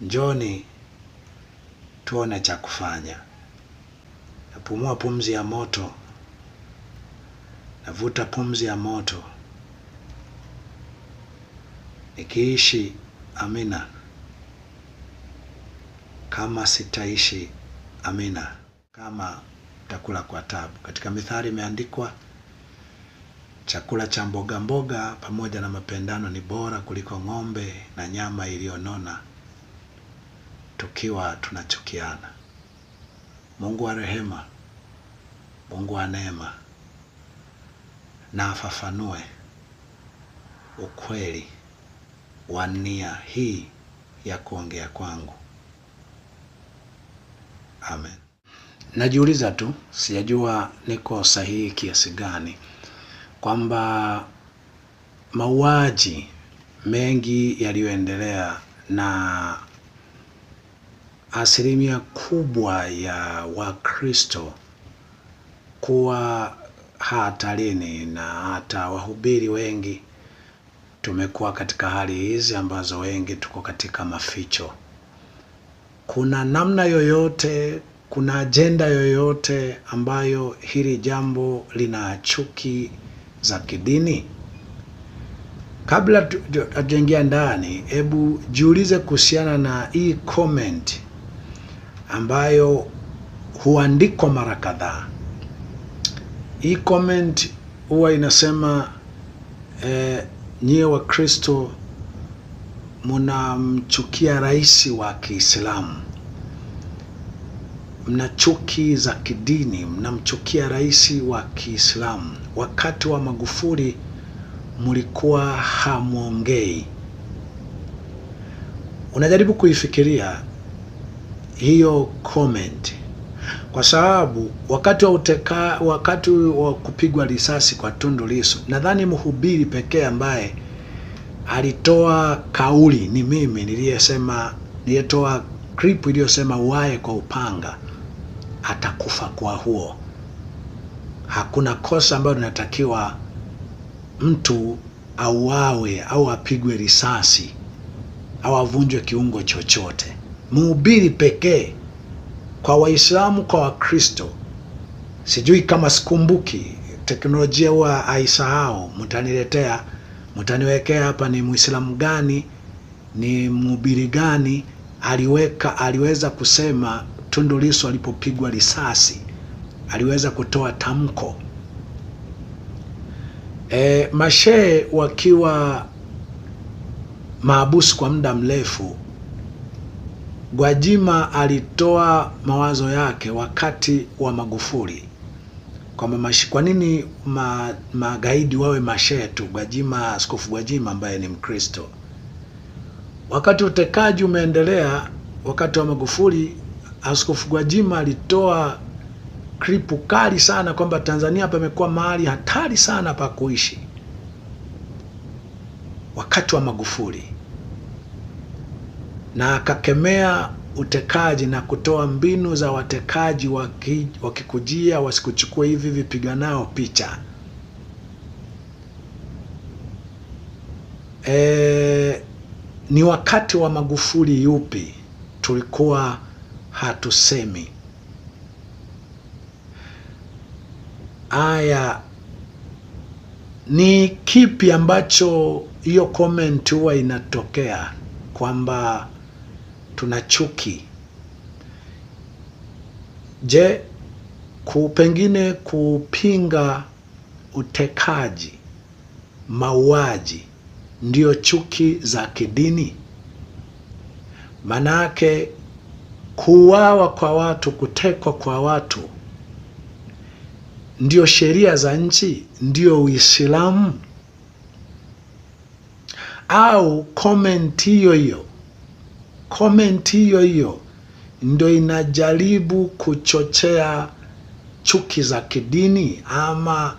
Njoni tuone cha kufanya. Napumua pumzi ya moto, navuta pumzi ya moto, nikiishi amina kama sitaishi amina, kama takula kwa tabu. Katika Mithali imeandikwa chakula cha mboga mboga pamoja na mapendano ni bora kuliko ng'ombe na nyama iliyonona tukiwa tunachukiana. Mungu wa rehema, Mungu wa neema, na afafanue ukweli wa nia hii ya kuongea kwangu. Amen. Najiuliza tu, sijajua niko sahihi kiasi gani kwamba mauaji mengi yaliyoendelea na asilimia kubwa ya Wakristo kuwa hatarini na hata wahubiri wengi tumekuwa katika hali hizi ambazo wengi tuko katika maficho. Kuna namna yoyote, kuna ajenda yoyote ambayo hili jambo lina chuki za kidini? Kabla hatujaingia ndani, hebu jiulize kuhusiana na hii comment ambayo huandikwa mara kadhaa. Hii comment huwa inasema eh, nyie Wakristo mnamchukia rais wa Kiislamu, mna chuki za kidini, mnamchukia rais wa Kiislamu. Wakati wa Magufuli mlikuwa hamwongei. Unajaribu kuifikiria hiyo comment, kwa sababu wakati wa uteka, wakati wa kupigwa risasi kwa Tundu Lissu, nadhani mhubiri pekee ambaye alitoa kauli ni mimi niliyesema, niliyetoa clip iliyosema uae kwa upanga atakufa kwa huo. Hakuna kosa ambayo linatakiwa mtu auawe au apigwe risasi au avunjwe kiungo chochote mhubiri pekee kwa Waislamu, kwa Wakristo. Sijui kama sikumbuki, teknolojia huwa haisahau. Mtaniletea, mtaniwekea hapa, ni muislamu gani, ni mhubiri gani aliweka aliweza kusema Tundu Lissu alipopigwa risasi aliweza kutoa tamko e, mashehe wakiwa maabusu kwa muda mrefu Gwajima alitoa mawazo yake wakati wa Magufuli kwamba kwa nini ma, magaidi wawe mashetu. Gwajima, Askofu Gwajima ambaye ni Mkristo, wakati utekaji umeendelea wakati wa Magufuli, Askofu Gwajima alitoa kripu kali sana kwamba Tanzania pamekuwa mahali hatari sana pa kuishi wakati wa Magufuli na akakemea utekaji na kutoa mbinu za watekaji waki, wakikujia wasikuchukue hivi vipiganao picha e, ni wakati wa Magufuli yupi? Tulikuwa hatusemi. Aya, ni kipi ambacho hiyo comment huwa inatokea kwamba tuna chuki. Je, kupengine pengine kupinga utekaji, mauaji ndio chuki za kidini? Manake kuuawa kwa watu, kutekwa kwa watu ndio sheria za nchi, ndio Uislamu? Au komenti hiyo hiyo comment hiyo hiyo ndio inajaribu kuchochea chuki za kidini ama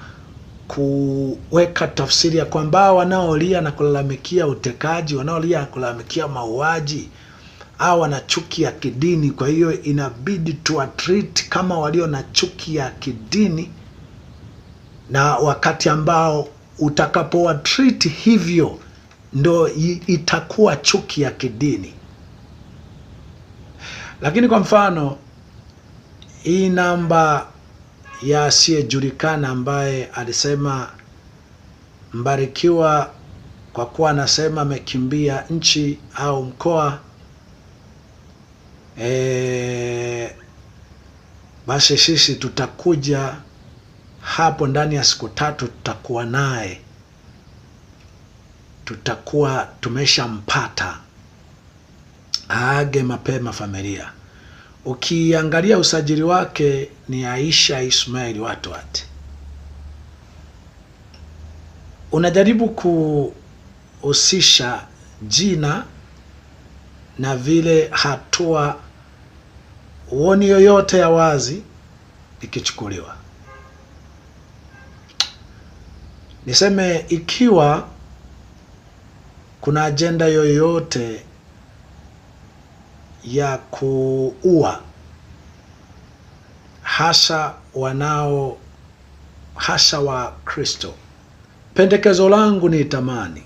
kuweka tafsiri ya kwamba wanaolia na kulalamikia utekaji, wanaolia na kulalamikia mauaji au wana chuki ya kidini. Kwa hiyo inabidi tuwatreat kama walio na chuki ya kidini, na wakati ambao utakapowatreat hivyo ndo itakuwa chuki ya kidini. Lakini kwa mfano hii namba ya asiyejulikana ambaye alisema Mbarikiwa kwa kuwa anasema amekimbia nchi au mkoa e, basi sisi tutakuja hapo ndani ya siku tatu, tutakuwa naye, tutakuwa tumeshampata aage mapema familia. Ukiangalia usajili wake ni Aisha Ismail Watwat. Unajaribu kuhusisha jina na vile hatua uoni yoyote ya wazi ikichukuliwa. Niseme ikiwa kuna ajenda yoyote ya kuua hasa wanao hasa wa Kristo. Pendekezo langu ni tamani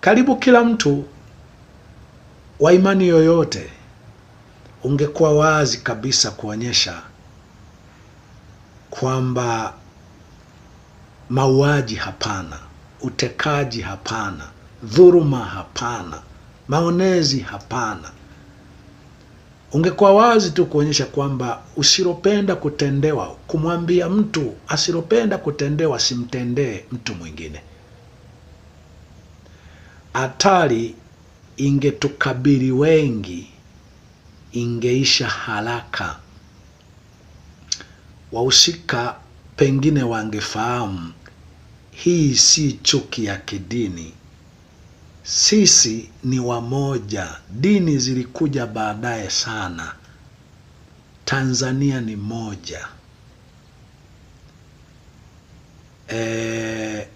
karibu kila mtu wa imani yoyote ungekuwa wazi kabisa kuonyesha kwamba mauaji hapana, utekaji hapana, dhuruma hapana, maonezi hapana ungekuwa wazi tu kuonyesha kwamba usilopenda kutendewa, kumwambia mtu asilopenda kutendewa simtendee mtu mwingine. Hatari ingetukabili wengi, ingeisha haraka. Wahusika pengine wangefahamu hii si chuki ya kidini, sisi ni wamoja, dini zilikuja baadaye sana. Tanzania ni moja. E,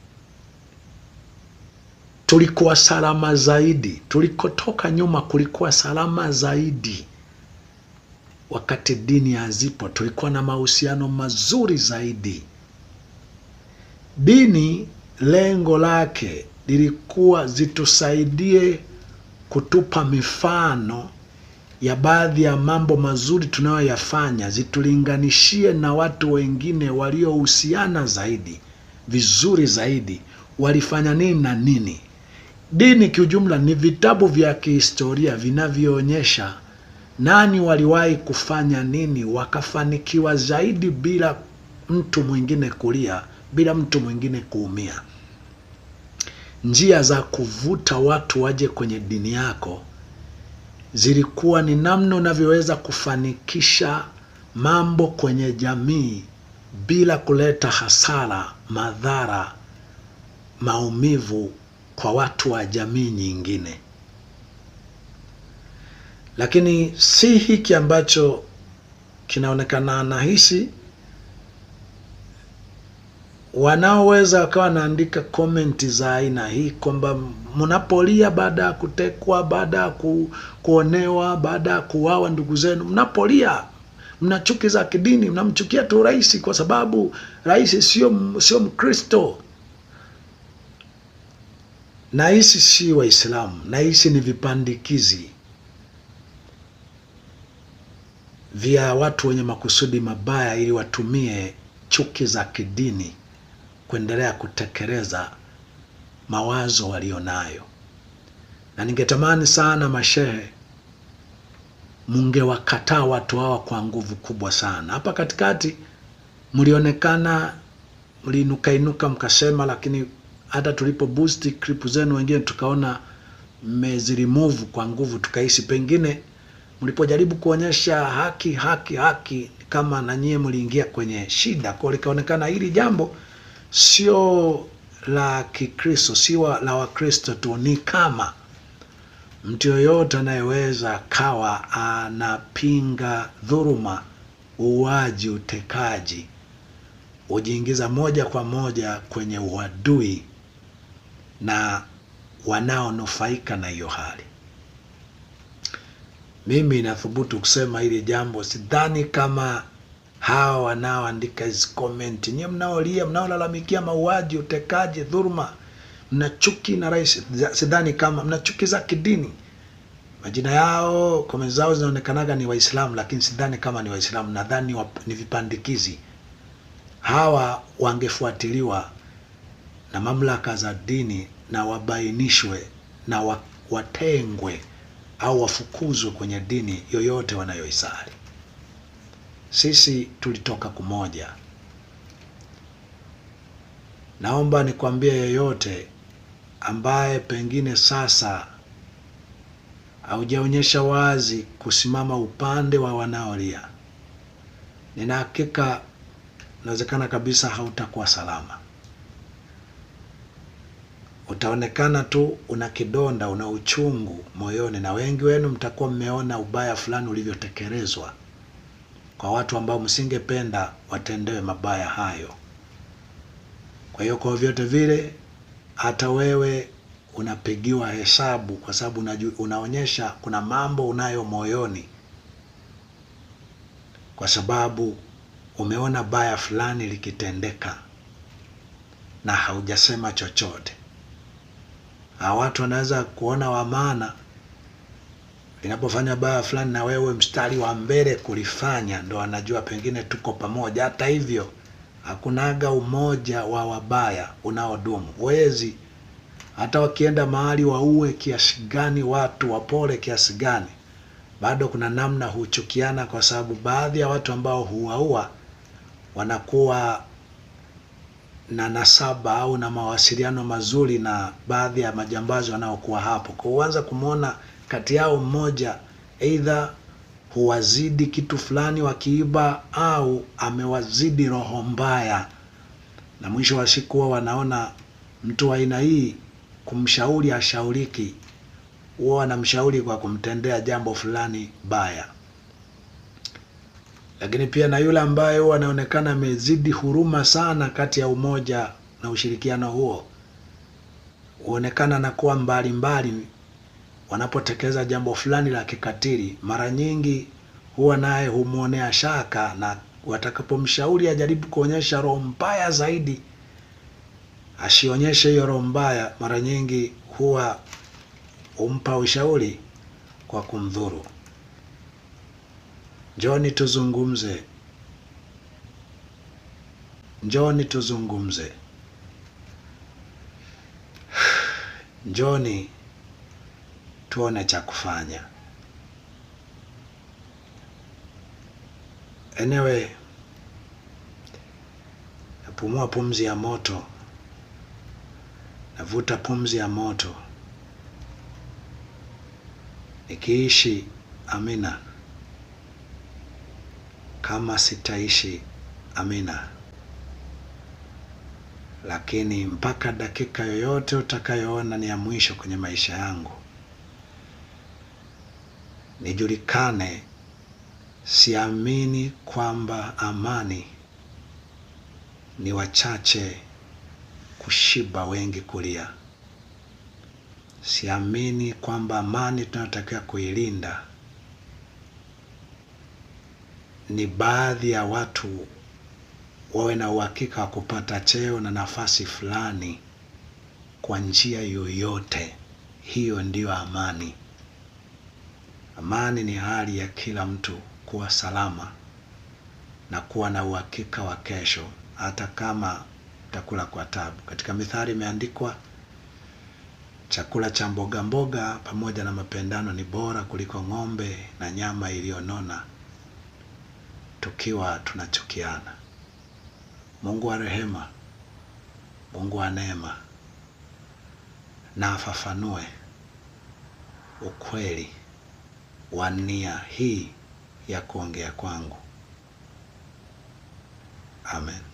tulikuwa salama zaidi, tulikotoka nyuma kulikuwa salama zaidi. Wakati dini hazipo, tulikuwa na mahusiano mazuri zaidi. Dini lengo lake lilikuwa zitusaidie kutupa mifano ya baadhi ya mambo mazuri tunayoyafanya, zitulinganishie na watu wengine waliohusiana zaidi vizuri zaidi, walifanya nini na nini. Dini kiujumla ni vitabu vya kihistoria vinavyoonyesha nani waliwahi kufanya nini, wakafanikiwa zaidi bila mtu mwingine kulia, bila mtu mwingine kuumia njia za kuvuta watu waje kwenye dini yako zilikuwa ni namna unavyoweza kufanikisha mambo kwenye jamii bila kuleta hasara, madhara, maumivu kwa watu wa jamii nyingine. Lakini si hiki ambacho kinaonekana nahisi wanaoweza wakawa wanaandika komenti za aina hii kwamba mnapolia baada ya kutekwa, baada ya ku, kuonewa, baada ya kuwawa ndugu zenu, mnapolia mna chuki za kidini, mnamchukia tu rais kwa sababu rais sio sio Mkristo. Na hisi si Waislamu, na hisi ni vipandikizi vya watu wenye makusudi mabaya ili watumie chuki za kidini kuendelea kutekeleza mawazo walionayo, na ningetamani sana mashehe mungewakataa watu hawa kwa nguvu kubwa sana. Hapa katikati mlionekana mlinukainuka, mkasema, lakini hata tulipo boost clip zenu wengine tukaona mmezirimove kwa nguvu, tukahisi pengine mlipojaribu kuonyesha haki haki haki, kama na nyie mliingia kwenye shida kwa likaonekana hili jambo sio la Kikristo, sio la Wakristo tu, ni kama mtu yoyote anayeweza akawa anapinga dhuruma uaji, utekaji, hujiingiza moja kwa moja kwenye uadui na wanaonufaika na hiyo hali. Mimi nathubutu kusema hili jambo, sidhani kama hawa wanaoandika hizi comment, nyie mnaolia, mnaolalamikia mauaji, utekaji, dhuruma, mna chuki na rais, sidhani kama mna chuki za kidini. Majina yao comment zao zinaonekanaga ni Waislamu, lakini sidhani kama ni Waislamu, nadhani ni vipandikizi. Hawa wangefuatiliwa na mamlaka za dini na wabainishwe na watengwe au wafukuzwe kwenye dini yoyote wanayoisali sisi tulitoka kumoja. Naomba nikwambie yeyote ambaye pengine sasa haujaonyesha wazi kusimama upande wa wanaolia, nina hakika inawezekana kabisa hautakuwa salama. Utaonekana tu una kidonda, una uchungu moyoni, na wengi wenu mtakuwa mmeona ubaya fulani ulivyotekelezwa kwa watu ambao msingependa watendewe mabaya hayo. Kwa hiyo kwa vyote vile, hata wewe unapigiwa hesabu, kwa sababu unaonyesha kuna mambo unayo moyoni, kwa sababu umeona baya fulani likitendeka na haujasema chochote. Hawa watu wanaweza kuona wa maana inapofanya baya fulani na wewe mstari wa mbele kulifanya, ndo anajua pengine tuko pamoja. Hata hivyo hakunaga umoja wa wabaya unaodumu, wezi hata wakienda mahali waue kiasi gani, watu wapole kiasi gani, bado kuna namna huchukiana, kwa sababu baadhi ya watu ambao huwaua wanakuwa na nasaba au na mawasiliano mazuri na baadhi ya majambazi wanaokuwa hapo, kwa huanza kumwona kati yao mmoja aidha huwazidi kitu fulani wakiiba, au amewazidi roho mbaya, na mwisho wa siku huwa wanaona mtu wa aina hii kumshauri ashauriki, huwa wanamshauri kwa kumtendea jambo fulani baya lakini pia na yule ambaye huwa anaonekana amezidi huruma sana kati ya umoja na ushirikiano huo, huonekana na kuwa mbali mbali wanapotekeleza jambo fulani la kikatili. Mara nyingi huwa naye humwonea shaka, na watakapomshauri ajaribu kuonyesha roho mbaya zaidi, asionyeshe hiyo roho mbaya, mara nyingi huwa humpa ushauri kwa kumdhuru. Njoni tuzungumze, njoni tuzungumze, njoni tuone cha kufanya. enewe napumua pumzi ya moto, navuta pumzi ya moto nikiishi. Amina kama sitaishi, amina. Lakini mpaka dakika yoyote utakayoona ni ya mwisho kwenye maisha yangu, nijulikane, siamini kwamba amani ni wachache kushiba, wengi kulia. Siamini kwamba amani tunayotakiwa kuilinda ni baadhi ya watu wawe na uhakika wa kupata cheo na nafasi fulani kwa njia yoyote. Hiyo ndiyo amani. Amani ni hali ya kila mtu kuwa salama na kuwa na uhakika wa kesho, hata kama utakula kwa tabu. Katika Mithali imeandikwa, chakula cha mboga mboga pamoja na mapendano ni bora kuliko ng'ombe na nyama iliyonona tukiwa tunachukiana. Mungu wa rehema, Mungu wa neema, na afafanue ukweli wa nia hii ya kuongea kwangu. Amen.